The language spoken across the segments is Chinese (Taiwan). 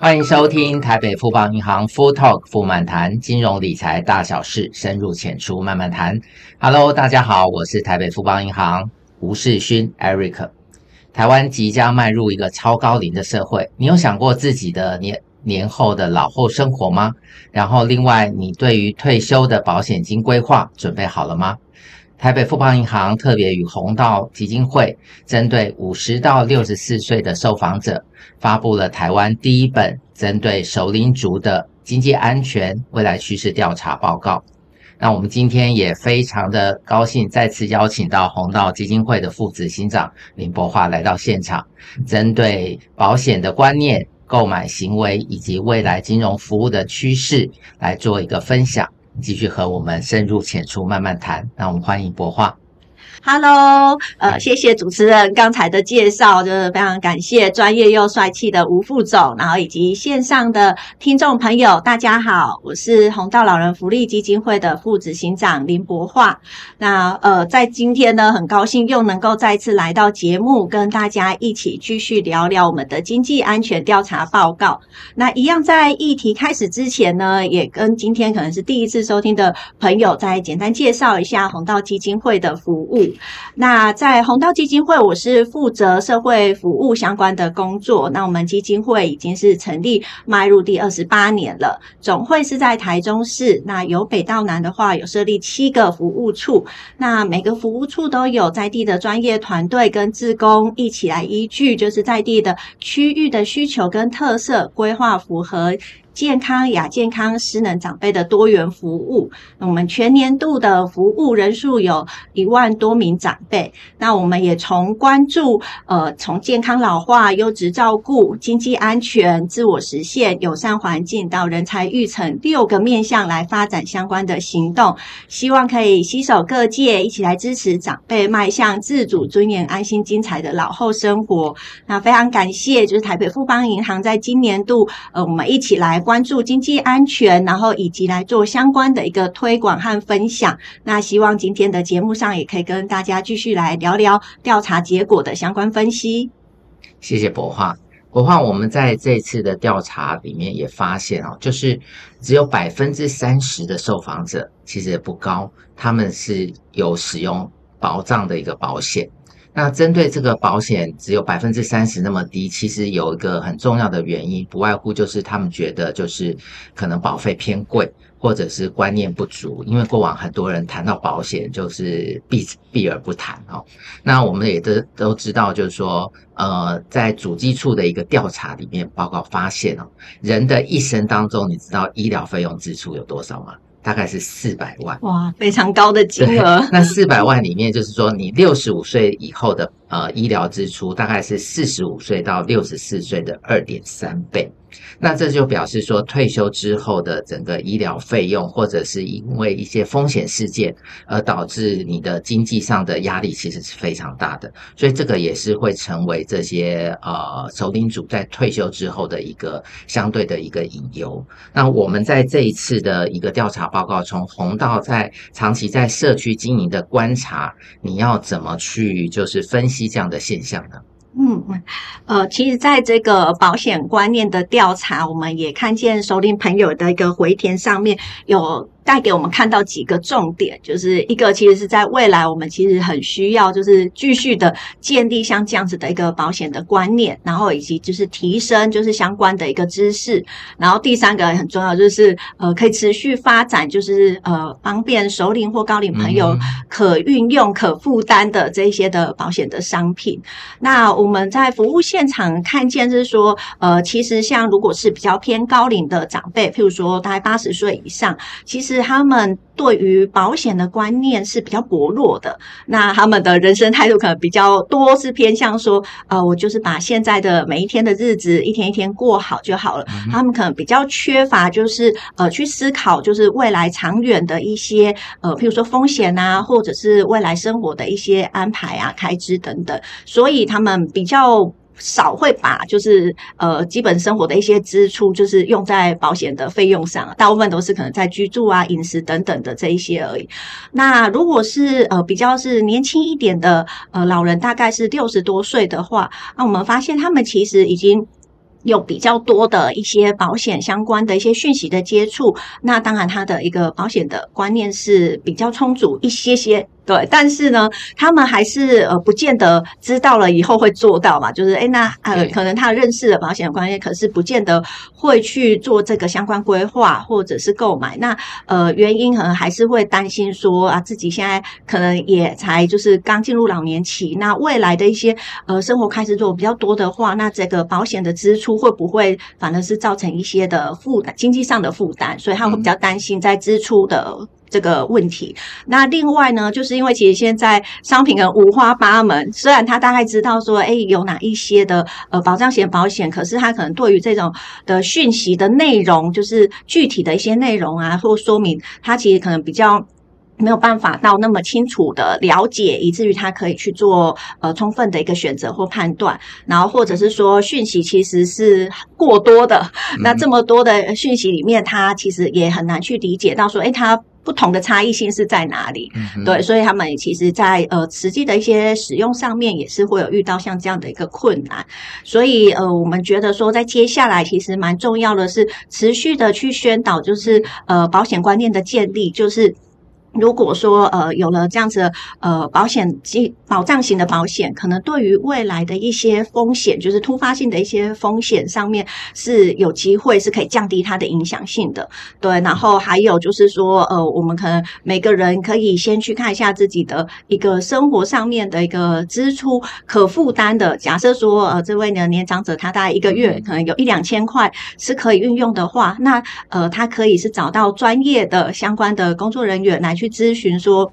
歡迎收聽台北富邦銀行 Full Talk 富漫談金融理財大小事，深入淺出慢慢談。Hello，大家好，我是台北富邦銀行吳世勳 Eric。台灣即將邁入一個超高齡的社會，你有想過自己的年年後的老後生活嗎？然後，另外你對於退休的保險金規劃準備好了嗎？台北富邦銀行特別與弘道基金會，針對五十到六十四歲的受訪者，發布了台灣第一本針對熟齡族的經濟安全未來趨勢調查報告。那我們今天也非常的高興，再次邀請到弘道基金會的副執行長林柏樺來到現場，針對保險的觀念、購買行為以及未來金融服務的趨勢來做一個分享。繼續和我們深入淺出慢慢談，那我們歡迎博化。哈嘍，呃，Hi. 謝謝主持人剛才的介紹，就是非常感謝專業又帥氣的吳副總，然後以及線上的聽眾朋友，大家好，我是弘道老人福利基金會的副執行長林博化。那呃，在今天呢，很高興又能夠再次來到節目，跟大家一起繼續聊聊我們的經濟安全調查報告。那一樣在議題開始之前呢，也跟今天可能是第一次收聽的朋友，再簡單介紹一下弘道基金會的服務。那在弘道基金會，我是負責社會服務相關的工作。那我們基金會已經是成立邁入第二十八年了，總會是在台中市。那由北到南的話，有設立七個服務處。那每個服務處都有在地的專業團隊跟志工一起來依據，就是在地的區域的需求跟特色規劃符合健康、亞健康、失能長輩的多元服務，那我們全年度的服務人數有一萬多名長輩。那我們也從關注，呃，從健康老化、優質照顧、經濟安全、自我實現、友善環境到人才育成六個面向來發展相關的行動，希望可以攜手各界一起來支持長輩邁向自主、尊嚴、安心、精彩的老後生活。那非常感謝，就是台北富邦銀行在今年度，呃，我們一起來。關注經濟安全，然後以及來做相關的一個推廣和分享。那希望今天的節目上也可以跟大家繼續來聊聊調查結果的相關分析。謝謝博化。博化，我們在這次的調查裡面也發現啊，就是只有百分之三十的受訪者其實不高，他們是有使用保障的一個保險。那針對這個保險只有百分之三十那麼低，其實有一個很重要的原因，不外乎就是他們覺得就是可能保費偏貴，或者是觀念不足。因為過往很多人談到保險就是避避而不談哦。那我們也都都知道，就是說，呃，在主計處的一個調查裡面報告發現哦，人的一生當中，你知道醫療費用支出有多少嗎？大概是四百萬，哇，非常高的金額。那四百萬裡面，就是說你六十五歲以後的呃醫療支出，大概是四十五歲到六十四歲的二點三倍。那這就表示說，退休之後的整個醫療費用，或者是因為一些風險事件而導致你的經濟上的壓力，其實是非常大的。所以這個也是會成為這些呃熟齡族在退休之後的一個相對的一個隱憂。那我們在這一次的一個調查報告中，弘道在長期在社區經營的觀察，你要怎麼去就是分析這樣的現象呢？嗯，呃，其實，在這個保險觀念的調查，我們也看見熟齡朋友的一個回填，上面有。帶給我們看到幾個重點，就是一個其實是在未來，我們其實很需要就是繼續的建立像這樣子的一個保險的觀念，然後以及就是提升就是相關的一個知識。然後第三個很重要就是呃，可以持續發展，就是呃，方便熟齡或高齡朋友可運用、可負擔的這些的保險的商品、嗯。嗯、那我們在服務現場看見就是說，呃，其實像如果是比較偏高齡的長輩，譬如說大概八十歲以上，其實。是他們對於保險的觀念是比較薄弱的，那他們的人生態度可能比較多是偏向說，呃，我就是把現在的每一天的日子一天一天過好就好了。嗯。他們可能比較缺乏就是呃去思考，就是未來長遠的一些呃，譬如說風險啊，或者是未來生活的一些安排啊、開支等等，所以他們比較。少會把就是呃基本生活的一些支出，就是用在保險的費用上，大部分都是可能在居住啊、飲食等等的這一些而已。那如果是呃比較是年輕一點的呃老人，大概是六十多歲的話，那我們發現他們其實已經有比較多的一些保險相關的一些訊息的接觸，那當然他的一個保險的觀念是比較充足一些些。對，但是呢，他們還是呃，不見得知道了以後會做到嘛。就是誒那呃，可能他認識了保險的觀念，可是不見得會去做這個相關規劃或者是購買。那呃，原因可能還是會擔心說啊，自己現在可能也才就是剛進入老年期，那未來的一些呃生活開支做比較多的話，那這個保險的支出會不會反而是造成一些的負擔，經濟上的負擔？所以他們比較擔心在支出的。這個問題，那另外呢，就是因為其實現在商品很五花八門，雖然他大概知道說，哎，有哪一些的呃保障險保險，可是他可能對於這種的訊息的內容，就是具體的一些內容啊或說明，他其實可能比較沒有辦法到那麼清楚的了解，以至於他可以去做呃充分的一個選擇或判斷，然後或者是說訊息其實是過多的，嗯、那這麼多的訊息裡面，他其實也很難去理解到說，哎，他。不同的差異性是在哪裡？嗯？對，所以他們其實，在呃實際的一些使用上面，也是會有遇到像這樣的一個困難。所以，呃，我們覺得說，在接下來其實蠻重要的，是持續的去宣導，就是呃保險觀念的建立，就是。如果說呃有了這樣子的呃保險即保障型的保險，可能對於未來的一些風險，就是突發性的一些風險上面是有機會是可以降低它的影響性的。對，然後還有就是說呃我們可能每個人可以先去看一下自己的一個生活上面的一個支出可負擔的。假設說呃這位呢年長者他大概一個月可能有一兩千塊是可以運用的話，那呃他可以是找到專業的相關的工作人員來去諮詢說，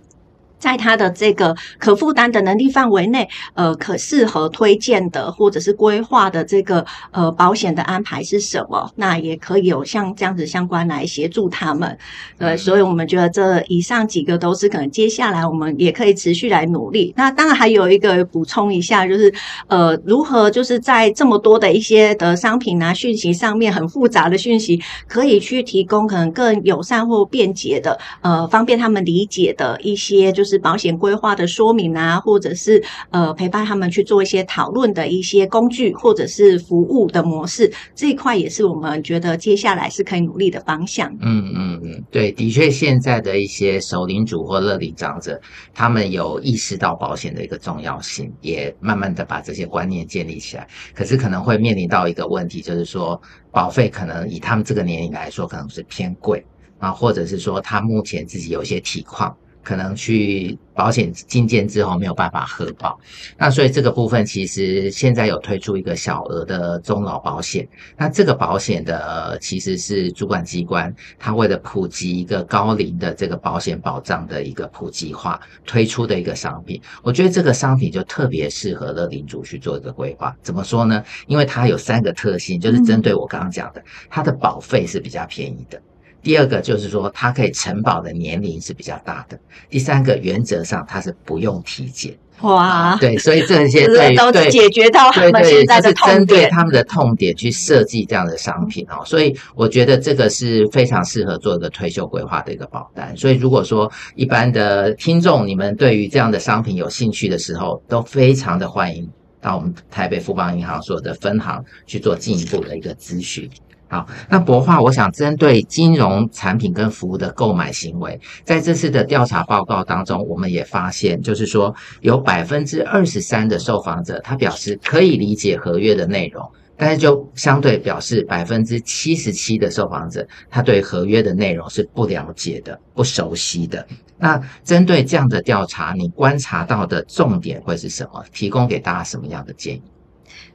在他的這個可負擔的能力範圍內，呃，可適合推薦的或者是規劃的這個呃保險的安排是什麼？那也可以有像這樣子相關來協助他們。呃所以我們覺得這以上幾個都是可能接下來我們也可以持續來努力。那當然還有一個補充一下，就是呃，如何就是在這麼多的一些的商品啊、訊息上面很複雜的訊息，可以去提供可能更友善或便捷的呃，方便他們理解的一些就是。是保險規劃的說明啊，或者是呃陪伴他們去做一些討論的一些工具，或者是服務的模式，這一塊也是我們覺得接下來是可以努力的方向。嗯嗯嗯，對，的確現在的一些熟齡族或樂齡長者，他們有意識到保險的一個重要性，也慢慢的把這些觀念建立起來。可是可能會面臨到一個問題，就是說保費可能以他們這個年齡來說，可能是偏貴啊，或者是說他目前自己有一些體況。可能去保險進件，之後沒有辦法核保，那所以這個部分其實現在有推出一個小額的中老保險，那這個保險的、呃、其實是主管機關他為了普及一個高齡的這個保險保障的一個普及化推出的一個商品，我覺得這個商品就特別適合樂齡族去做一個規劃。怎麼說呢？因為它有三個特性，就是針對我剛剛講的，它的保費是比較便宜的。第二個就是說，它可以承保的年齡是比較大的。第三個，原則上它是不用體檢。哇！對，所以這些，對，都是解決到他們現在的痛點，對對，就是針對他們的痛點去設計這樣的商品哦。所以我覺得這個是非常適合做一個退休規劃的一個保單。所以，如果說一般的聽眾你們對於這樣的商品有興趣的時候，都非常的歡迎到我們台北富邦銀行所有的分行去做進一步的一個諮詢。好，那博化，我想針對金融產品跟服務的購買行為，在這次的調查報告當中，我們也發現，就是說有百分之二十三的受訪者他表示可以理解合約的內容，但是就相對表示百分之七十七的受訪者他對合約的內容是不了解的、不熟悉的。那針對這樣的調查，你觀察到的重點會是什麼？提供給大家什麼樣的建議？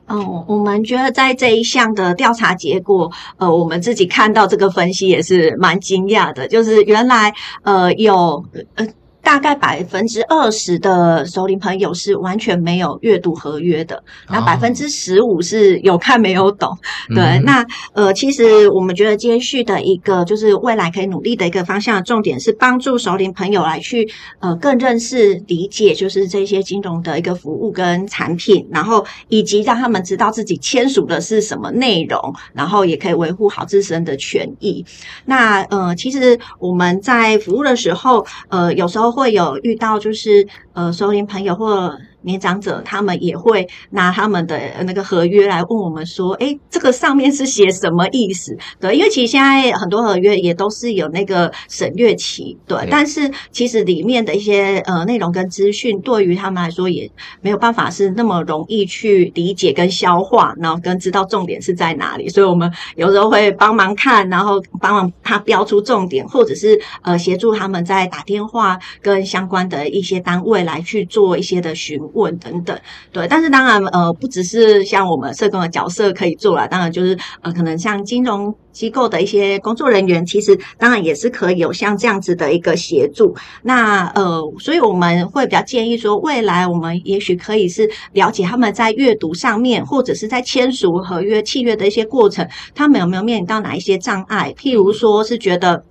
哦，我們覺得在這一項的調查結果，呃，我們自己看到這個分析也是蠻驚訝的，就是原來，呃，有，呃。有呃大概百分之二十的熟齡朋友是完全沒有閱讀合約的，那百分之十五是有看沒有懂。Mm -hmm. 對，那呃，其實我們覺得接續的一個就是未來可以努力的一個方向重點，是幫助熟齡朋友來去呃更認識、理解，就是這些金融的一個服務跟產品，然後以及讓他們知道自己簽署的是什麼內容，然後也可以維護好自身的權益。那呃，其實我們在服務的時候，呃，有時候會有遇到就是呃，熟齡朋友或，年長者他們也會拿他們的那個合約來問我們說：“哎，這個上面是寫什麼意思？”對，因為其實現在很多合約也都是有那個審閱期，對。但是其實裡面的一些呃內容跟資訊，對於他們來說也沒有辦法是那麼容易去理解跟消化，然後跟知道重點是在哪裡。所以我們有時候會幫忙看，然後幫忙他標出重點，或者是呃協助他們在打電話跟相關的一些單位來去做一些的詢問。問等等，對，但是當然，呃，不只是像我們社工的角色可以做啦，當然就是呃，可能像金融機構的一些工作人員，其實當然也是可以有像這樣子的一個協助。那呃，所以我們會比較建議說，未來我們也許可以是了解他們在閱讀上面，或者是在簽署合約、契約的一些過程，他們有沒有面臨到哪一些障礙，譬如說是覺得。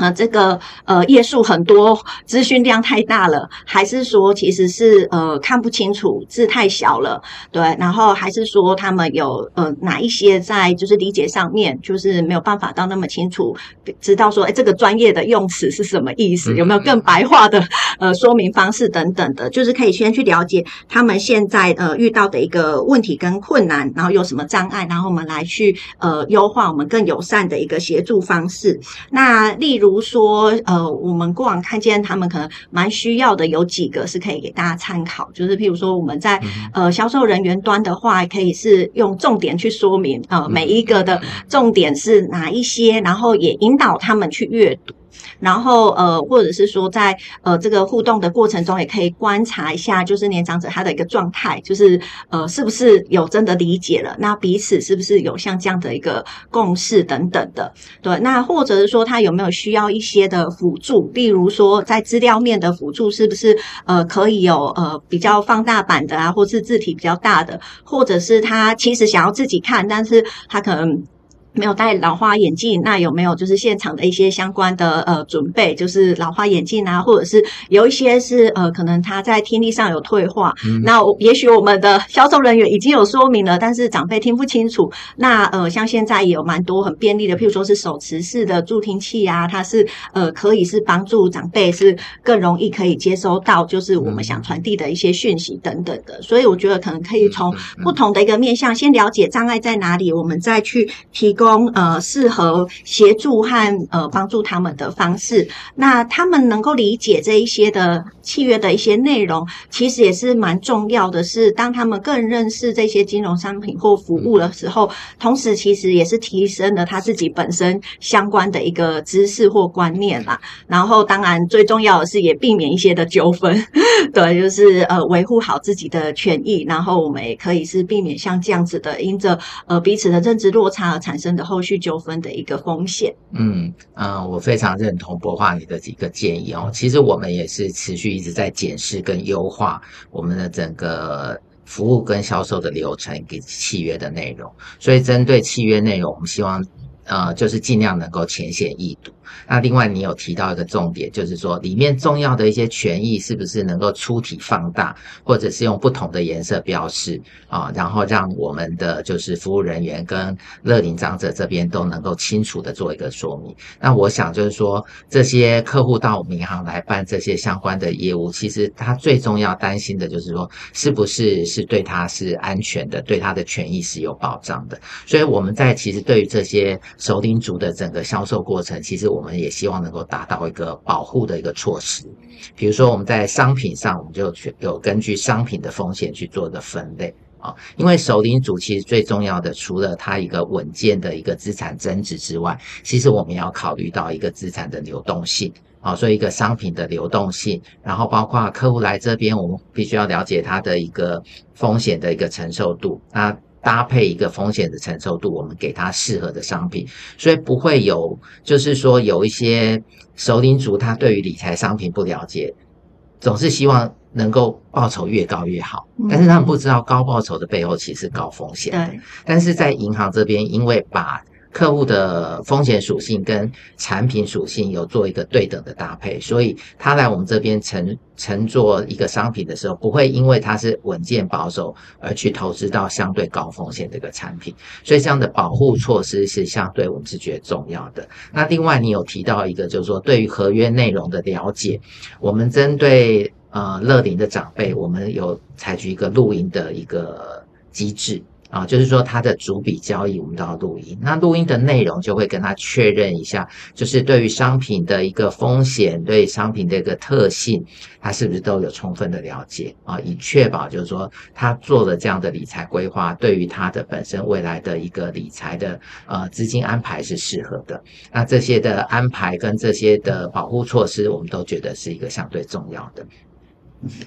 啊、呃，這個呃，頁數很多，資訊量太大了，還是說其實是呃看不清楚字太小了，對，然後還是說他們有呃哪一些在就是理解上面就是沒有辦法到那麼清楚，知道說哎、欸、這個專業的用詞是什麼意思，有沒有更白話的呃說明方式等等的，就是可以先去了解他們現在呃遇到的一個問題跟困難，然後有什麼障礙，然後我們來去呃優化我們更友善的一個協助方式。那例如。比如說，呃，我們過往看見他們可能蠻需要的，有幾個是可以給大家參考，就是譬如說，我們在，呃，銷售人員端的話，可以是用重點去說明，呃，每一個的重點是哪一些，然後也引導他們去閱讀。然後呃，或者是說在呃這個互動的過程中，也可以觀察一下，就是年長者他的一個狀態，就是呃是不是有真的理解了？那彼此是不是有像這樣的一個共識等等的？對，那或者是說他有沒有需要一些的輔助？例如說在資料面的輔助，是不是呃可以有呃比較放大版的啊，或是字體比較大的？或者是他其實想要自己看，但是他可能，沒有戴老花眼鏡，那有沒有就是現場的一些相關的呃準備，就是老花眼鏡啊，或者是有一些是呃可能他在聽力上有退化，嗯、那也許我們的銷售人員已經有說明了，但是長輩聽不清楚。那呃像現在也有蠻多很便利的，譬如說是手持式的助聽器啊，它是呃可以是幫助長輩是更容易可以接收到就是我們想傳遞的一些訊息等等的。所以我覺得可能可以從不同的一個面向先了解障礙在哪裡，我們再去提供。供呃適合協助和呃幫助他們的方式，那他們能夠理解這一些的契約的一些內容，其實也是蠻重要的是。是當他們更認識這些金融商品或服務的時候，同時其實也是提升了他自己本身相關的一個知識或觀念啦。然後當然最重要的是也避免一些的糾紛，對，就是呃維護好自己的權益。然後我們也可以是避免像這樣子的，因着呃彼此的認知落差而產生。後續糾紛的一個風險。嗯嗯、呃，我非常認同博化，你的幾個建議哦。其實我們也是持續一直在檢視跟優化我們的整個服務跟銷售的流程跟契約的內容。所以針對契約內容，我們希望。呃，就是儘量能夠淺顯易懂。那另外，你有提到一個重點，就是說裡面重要的一些權益是不是能夠出體放大，或者是用不同的顏色標示啊、呃，然後讓我們的就是服務人員跟樂齡長者這邊都能夠清楚的做一個說明。那我想就是說，這些客戶到我們銀行來辦這些相關的業務，其實他最重要擔心的就是說，是不是是對他是安全的，對他的權益是有保障的。所以我們在其實對於這些。熟齡族的整個銷售過程，其實我們也希望能夠達到一個保護的一個措施。比如說，我們在商品上，我們就有根據商品的風險去做一個分類啊。因為熟齡族其實最重要的，除了它一個穩健的一個資產增值之外，其實我們要考慮到一個資產的流動性啊，所以一個商品的流動性，然後包括客戶來這邊，我們必須要了解它的一個風險的一個承受度搭配一個風險的承受度，我們給他適合的商品，所以不會有，就是說有一些熟齡族他對於理財商品不了解，總是希望能夠報酬越高越好，但是他們不知道高報酬的背後其實是高風險的。對，但是在銀行這邊，因為把。客戶的風險屬性跟產品屬性有做一個對等的搭配，所以他來我們這邊承承做一個商品的時候，不會因為他是穩健保守而去投資到相對高風險的一個產品，所以這樣的保護措施是相對我們是覺得重要的。那另外，你有提到一個就是說對於合約內容的了解，我們針對呃樂齡的長輩，我們有採取一個錄音的一個機制。啊，就是說他的逐筆交易，我們都要錄音，那錄音的內容就會跟他確認一下，就是對於商品的一個風險、對於商品的一個特性，他是不是都有充分的了解啊？以確保就是說他做了這樣的理財規劃，對於他的本身未來的一個理財的呃資金安排是適合的。那這些的安排跟這些的保護措施，我們都覺得是一個相對重要的。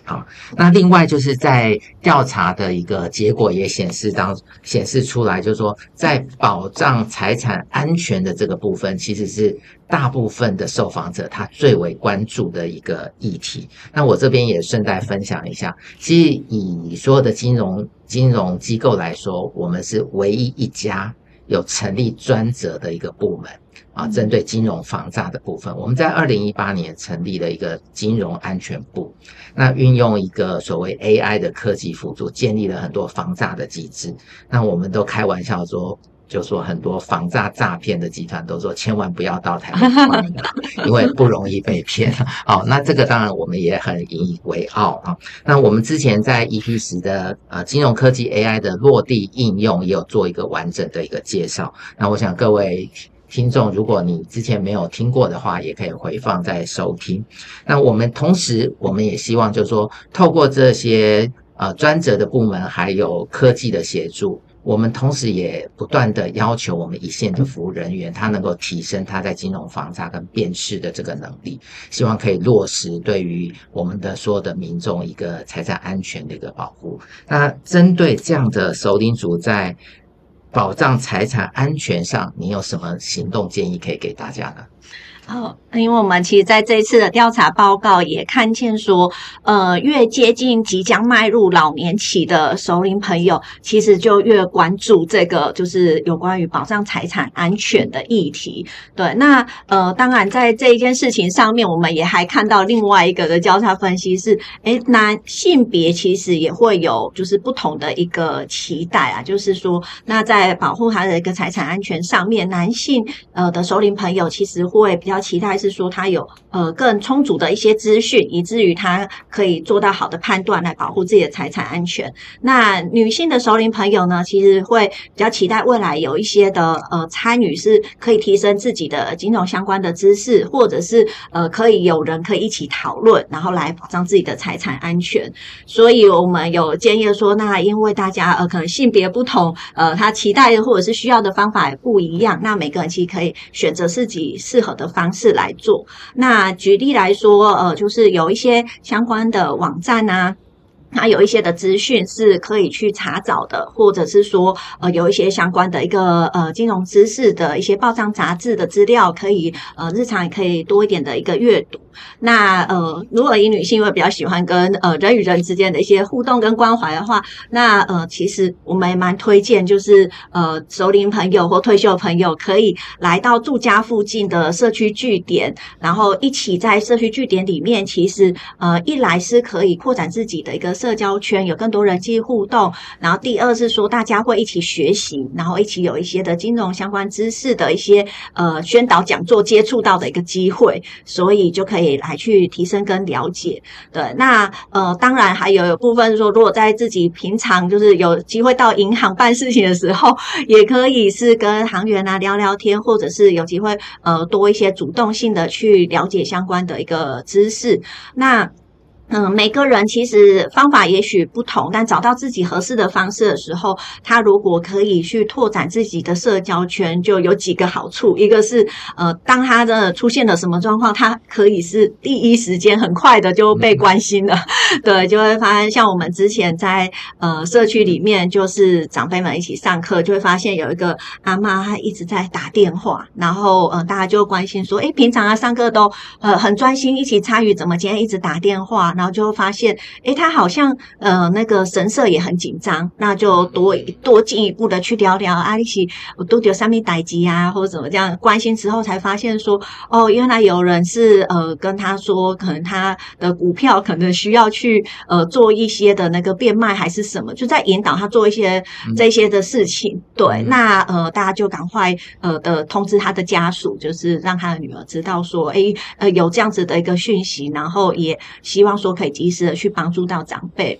好，那另外就是在調查的一個結果也顯示當顯示出來，就是說在保障財產安全的這個部分，其實是大部分的受訪者他最為關注的一個議題。那我這邊也順帶分享一下，其實以所有的金融金融機構來說，我們是唯一一家有成立專責的一個部門。啊，針對金融防詐的部分，我們在二零一八年成立了一個金融安全部，那運用一個所謂 AI 的科技輔助，建立了很多防詐的機制。那我們都開玩笑說，就說很多防詐詐騙的集團都說，千萬不要到台灣 因為不容易被騙。好、啊，那這個當然我們也很引以為傲啊。那我們之前在 EP 十的呃、啊、金融科技 AI 的落地應用，也有做一個完整的一個介紹。那我想各位。聽眾，如果你之前沒有聽過的話，也可以回放再收聽。那我們同時，我們也希望就是說，透過這些呃專責的部門，還有科技的協助，我們同時也不斷的要求我們一線的服務人員，他能夠提升他在金融防詐跟辨識的這個能力，希望可以落實對於我們的所有的民眾一個財產安全的一個保護。那針對這樣的熟齡族在。保障財產安全上，你有什麼行動建議可以給大家呢？好、哦，因為我們其實在這一次的調查報告也看見說，呃，越接近即將邁入老年期的熟齡朋友，其實就越關注這個就是有關於保障財產安全的議題。對，那呃，當然在這一件事情上面，我們也還看到另外一個的交叉分析是，誒，男性別其實也會有就是不同的一個期待啊，就是說，那在保護他的一個財產安全上面，男性呃的熟齡朋友其實會比較。比較期待是說他有呃更充足的一些資訊，以至於他可以做到好的判斷來保護自己的財產安全。那女性的熟齡朋友呢，其實會比較期待未來有一些的呃參與，是可以提升自己的金融相關的知識，或者是呃可以有人可以一起討論，然後來保障自己的財產安全。所以我們有建議說，那因為大家呃可能性別不同，呃，他期待的或者是需要的方法也不一樣，那每個人其實可以選擇自己適合的方。方式來做，那舉例來說，呃，就是有一些相關的網站吶、啊，它有一些的資訊是可以去查找的，或者是說，呃，有一些相關的一個呃金融知識的一些報章雜誌的資料，可以呃日常也可以多一點的一個閱讀。那呃，如果以女性會為比較喜歡跟呃人與人之間的一些互動跟關懷的話，那呃，其實我們也蠻推薦就是呃熟齡朋友或退休朋友可以來到住家附近的社區據點，然後一起在社區據點裡面，其實呃一來是可以擴展自己的一個社交圈，有更多人際互動，然後第二是說大家會一起學習，然後一起有一些的金融相關知識的一些呃宣導講座接觸到的一個機會，所以就可以。也可以來去提升跟了解，對，那呃，當然還有，有部分說，如果在自己平常就是有機會到銀行辦事情的時候，也可以是跟行員啊聊聊天，或者是有機會呃多一些主動性的去了解相關的一個知識，那。嗯，每個人其實方法也許不同，但找到自己合適的方式的時候，他如果可以去拓展自己的社交圈，就有幾個好處。一個是，呃，當他的出現了什麼狀況，他可以是第一時間很快的就被關心了。嗯、對，就會發現，像我們之前在呃社區裡面，就是長輩們一起上課，就會發現有一個阿嬤她一直在打電話，然後呃大家就關心說，誒、欸，平常啊上課都呃很專心一起參與，怎麼今天一直打電話？然後就會發現，誒，他好像呃那個神色也很緊張，那就多多進一步的去聊聊。阿麗西，我都覺三米代誌啊，或者怎麼這樣關心之後，才發現說，哦，原來有人是呃跟他說，可能他的股票可能需要去呃做一些的那個變賣還是什麼，就在引導他做一些、嗯、這些的事情。對，嗯、那呃大家就趕快呃的通知他的家屬，就是讓他的女兒知道說，誒，呃有這樣子的一個訊息，然後也希望說。說可以及時的去幫助到長輩。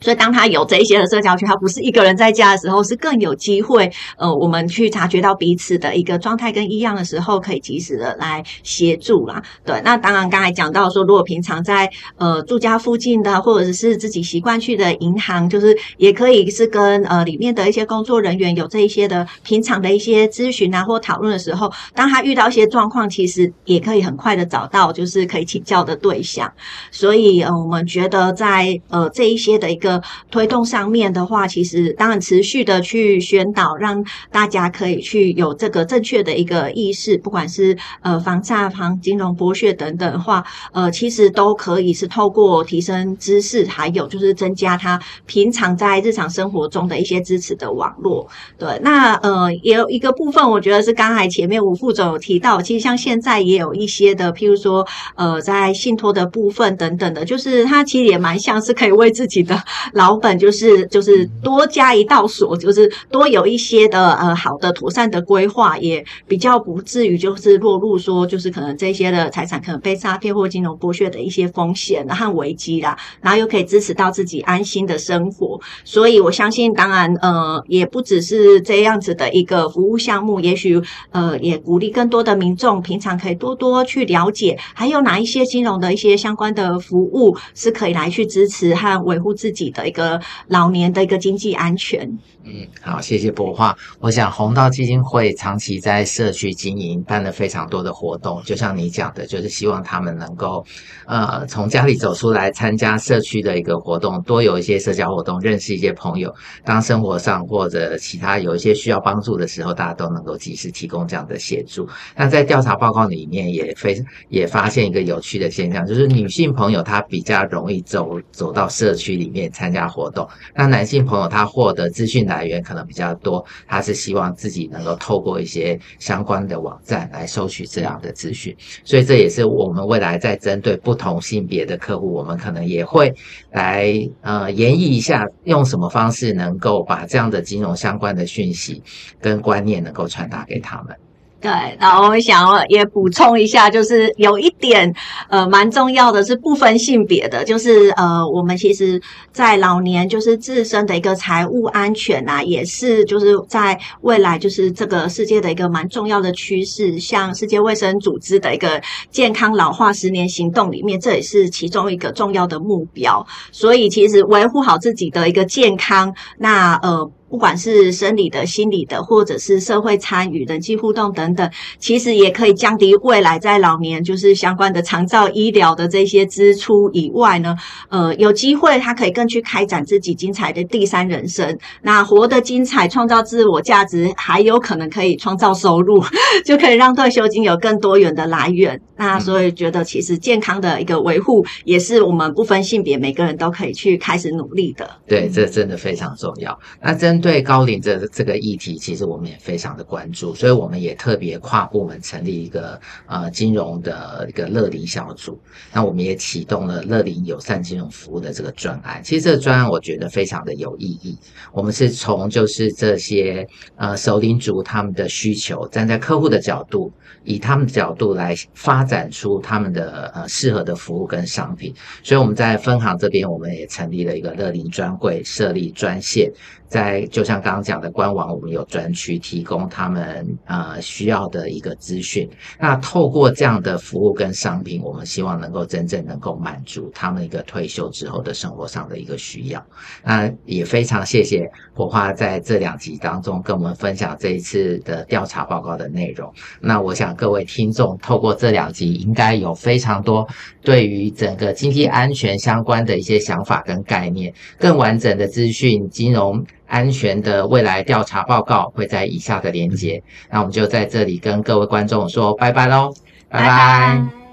所以，當他有這一些的社交圈，他不是一個人在家的時候，是更有機會，呃，我們去察覺到彼此的一個狀態跟異樣的時候，可以及時的來協助啦。對，那當然剛才講到說，如果平常在呃住家附近的，或者是自己習慣去的銀行，就是也可以是跟呃裡面的一些工作人員有這一些的平常的一些諮詢啊或討論的時候，當他遇到一些狀況，其實也可以很快的找到就是可以請教的對象。所以，呃，我們覺得在呃這一些的一個的推動上面的話，其實當然持續的去宣導，讓大家可以去有這個正確的一個意識，不管是呃防詐、防金融剝削等等的話，呃，其實都可以是透過提升知識，還有就是增加他平常在日常生活中的一些支持的網絡。對，那呃，也有一個部分，我覺得是剛才前面吳副總有提到，其實像現在也有一些的，譬如說呃，在信託的部分等等的，就是他其實也蠻像是可以為自己的。老本就是就是多加一道鎖，就是多有一些的呃好的妥善的規劃，也比較不至於就是落入說就是可能這些的財產可能被詐騙或金融剝削的一些風險和危機啦，然後又可以支持到自己安心的生活。所以我相信，當然呃也不只是這樣子的一個服務項目，也許呃也鼓勵更多的民眾平常可以多多去了解，還有哪一些金融的一些相關的服務是可以來去支持和維護自己的。的一個老年的一個經濟安全，嗯，好，謝謝博化。我想弘道基金會長期在社區經營，辦了非常多的活動，就像你講的，就是希望他們能夠呃從家裡走出來，參加社區的一個活動，多有一些社交活動，認識一些朋友。當生活上或者其他有一些需要幫助的時候，大家都能夠及時提供這樣的協助。那在調查報告裡面，也非也發現一個有趣的現象，就是女性朋友她比較容易走走到社區裡面，參加活動，那男性朋友他獲得資訊來源可能比較多，他是希望自己能夠透過一些相關的網站來收取這樣的資訊，所以這也是我們未來在針對不同性別的客戶，我們可能也會來呃研議一下，用什麼方式能夠把這樣的金融相關的訊息跟觀念能夠傳達給他們。對，然後我想要也補充一下，就是有一點，呃，蠻重要的，是不分性別的，就是呃，我們其實在老年就是自身的一個財務安全啊，也是就是在未來就是這個世界的一個蠻重要的趨勢，像世界衛生組織的一個健康老化十年行動裡面，這也是其中一個重要的目標。所以其實維護好自己的一個健康，那呃。不管是生理的、心理的，或者是社會參與、人際互動等等，其實也可以降低未來在老年就是相關的長照醫療的這些支出以外呢，呃，有機會他可以更去開展自己精彩的第三人生，那活得精彩，創造自我價值，還有可能可以創造收入， 就可以讓退休金有更多元的來源。那所以覺得其實健康的一個維護，也是我們不分性別，每個人都可以去開始努力的。對，這真的非常重要。那真。對高齡這這個議題，其實我們也非常的關注，所以我們也特別跨部門成立一個呃金融的一個樂齡小組。那我們也啟動了樂齡友善金融服務的這個專案。其實這個專案我覺得非常的有意義。我們是從就是這些呃熟齡族他們的需求，站在客戶的角度，以他們的角度來發展出他們的呃適合的服務跟商品。所以我們在分行這邊，我們也成立了一個樂齡專櫃，設立專線，在就像剛剛講的，官網我們有專區提供他們呃需要的一個資訊。那透過這樣的服務跟商品，我們希望能夠真正能夠滿足他們一個退休之後的生活上的一個需要。那也非常謝謝火花在這兩集當中跟我們分享這一次的調查報告的內容。那我想各位聽眾透過這兩集，應該有非常多對於整個經濟安全相關的一些想法跟概念，更完整的資訊金融。安全的未來調查報告會在以下的連結。那我們就在這裡跟各位觀眾說拜拜嘍，拜拜。拜拜。